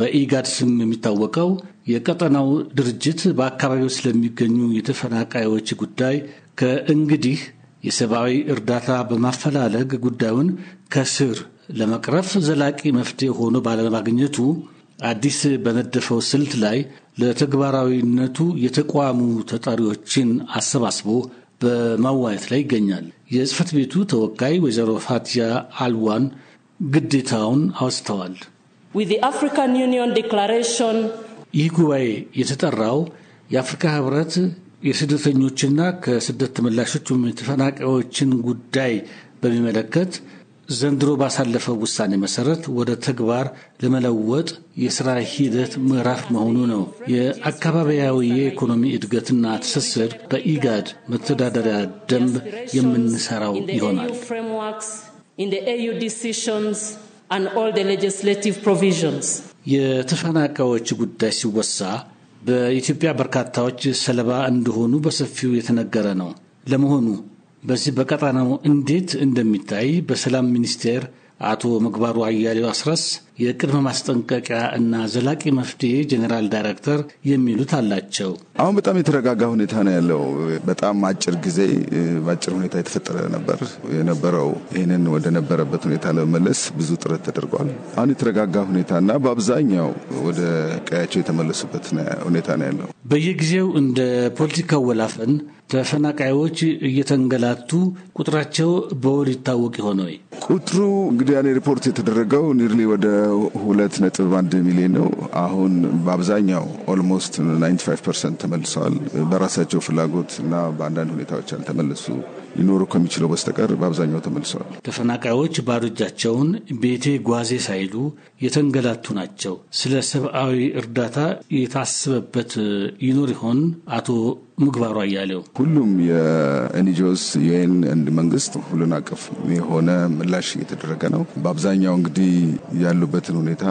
በኢጋድ ስም የሚታወቀው የቀጠናው ድርጅት በአካባቢው ስለሚገኙ የተፈናቃዮች ጉዳይ ከእንግዲህ የሰብአዊ እርዳታ በማፈላለግ ጉዳዩን ከስር ለመቅረፍ ዘላቂ መፍትሄ ሆኖ ባለማግኘቱ አዲስ በነደፈው ስልት ላይ ለተግባራዊነቱ የተቋሙ ተጠሪዎችን አሰባስቦ በማዋየት ላይ ይገኛል። የጽህፈት ቤቱ ተወካይ ወይዘሮ ፋቲያ አልዋን ግዴታውን አውስተዋል። ይህ ጉባኤ የተጠራው የአፍሪካ ህብረት የስደተኞችና ከስደት ተመላሾች የተፈናቃዮችን ጉዳይ በሚመለከት ዘንድሮ ባሳለፈው ውሳኔ መሰረት ወደ ተግባር ለመለወጥ የስራ ሂደት ምዕራፍ መሆኑ ነው። የአካባቢያዊ የኢኮኖሚ እድገትና ትስስር በኢጋድ መተዳደሪያ ደንብ የምንሰራው ይሆናል። and all the legislative provisions የተፈናቃዮች ጉዳይ ሲወሳ በኢትዮጵያ በርካታዎች ሰለባ እንደሆኑ በሰፊው የተነገረ ነው። ለመሆኑ በዚህ በቀጠናው እንዴት እንደሚታይ በሰላም ሚኒስቴር አቶ ምግባሩ አያሌው አስረስ የቅድመ ማስጠንቀቂያ እና ዘላቂ መፍትሄ ጀኔራል ዳይሬክተር የሚሉት አላቸው። አሁን በጣም የተረጋጋ ሁኔታ ነው ያለው። በጣም አጭር ጊዜ በአጭር ሁኔታ የተፈጠረ ነበር የነበረው። ይህንን ወደነበረበት ሁኔታ ለመመለስ ብዙ ጥረት ተደርጓል። አሁን የተረጋጋ ሁኔታና በአብዛኛው ወደ ቀያቸው የተመለሱበት ሁኔታ ነው ያለው። በየጊዜው እንደ ፖለቲካው ወላፈን ተፈናቃዮች እየተንገላቱ ቁጥራቸው በወር ይታወቅ ይሆን ወይ? ቁጥሩ እንግዲህ ያኔ ሪፖርት የተደረገው ኒርሊ ወደ ሁለት ነጥብ አንድ ሚሊዮን ነው። አሁን በአብዛኛው ኦልሞስት ናይንቲ ፐርሰንት ተመልሰዋል። በራሳቸው ፍላጎት እና በአንዳንድ ሁኔታዎች ያልተመለሱ ሊኖሩ ከሚችለው በስተቀር በአብዛኛው ተመልሰዋል። ተፈናቃዮች ባዶ እጃቸውን ቤቴ ጓዜ ሳይሉ የተንገላቱ ናቸው። ስለ ሰብአዊ እርዳታ የታሰበበት ይኖር ይሆን? አቶ ምግባሩ አያሌው ሁሉም የኤንጂኦስ ዩኤን እንድ መንግስት ሁሉን አቀፍ የሆነ ምላሽ እየተደረገ ነው። በአብዛኛው እንግዲህ ያሉበትን ሁኔታ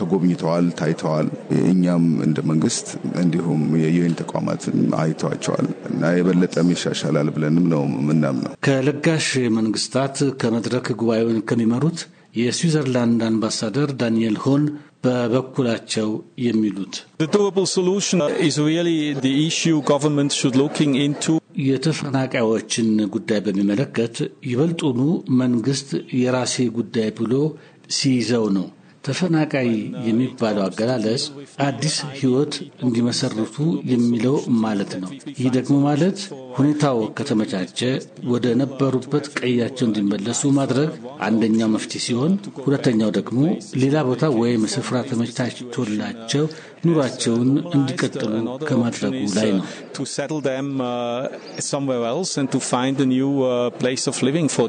ተጎብኝተዋል፣ ታይተዋል። እኛም እንደ መንግስት እንዲሁም የዩኤን ተቋማትን አይተዋቸዋል እና የበለጠም ይሻሻላል ብለንም ነው ምናምነው። ከለጋሽ መንግስታት ከመድረክ ጉባኤውን ከሚመሩት የስዊዘርላንድ አምባሳደር ዳንኤል ሆን በበኩላቸው የሚሉት የተፈናቃዮችን ጉዳይ በሚመለከት ይበልጡኑ መንግስት የራሴ ጉዳይ ብሎ ሲይዘው ነው። ተፈናቃይ የሚባለው አገላለጽ አዲስ ህይወት እንዲመሰርቱ የሚለው ማለት ነው። ይህ ደግሞ ማለት ሁኔታው ከተመቻቸ ወደ ነበሩበት ቀያቸው እንዲመለሱ ማድረግ አንደኛው መፍትሄ ሲሆን፣ ሁለተኛው ደግሞ ሌላ ቦታ ወይም ስፍራ ተመቻችቶላቸው ኑሯቸውን እንዲቀጥሉ ከማድረጉ ላይ ነው። uh,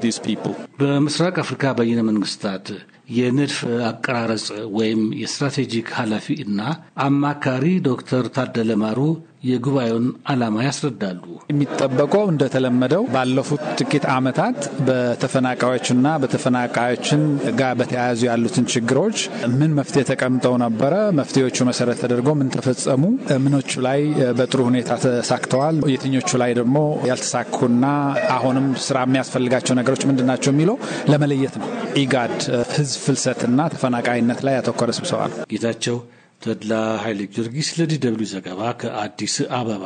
uh, በምስራቅ አፍሪካ በይነ መንግስታት የንድፍ አቀራረጽ ወይም የስትራቴጂክ ኃላፊ እና አማካሪ ዶክተር ታደለ ማሩ የጉባኤውን ዓላማ ያስረዳሉ። የሚጠበቀው እንደተለመደው ባለፉት ጥቂት ዓመታት በተፈናቃዮችና በተፈናቃዮችን ጋር በተያያዙ ያሉትን ችግሮች ምን መፍትሄ ተቀምጠው ነበረ፣ መፍትሄዎቹ መሰረት ተደርጎ ምን ተፈጸሙ፣ ምኖቹ ላይ በጥሩ ሁኔታ ተሳክተዋል፣ የትኞቹ ላይ ደግሞ ያልተሳኩና አሁንም ስራ የሚያስፈልጋቸው ነገሮች ምንድን ናቸው የሚለው ለመለየት ነው። ኢጋድ ህዝብ ፍልሰትና ተፈናቃይነት ላይ ያተኮረ ስብሰባ ነው። ጌታቸው ተድላ ኃይለ ጊዮርጊስ ለዲ ደብልዩ ዘገባ ከአዲስ አበባ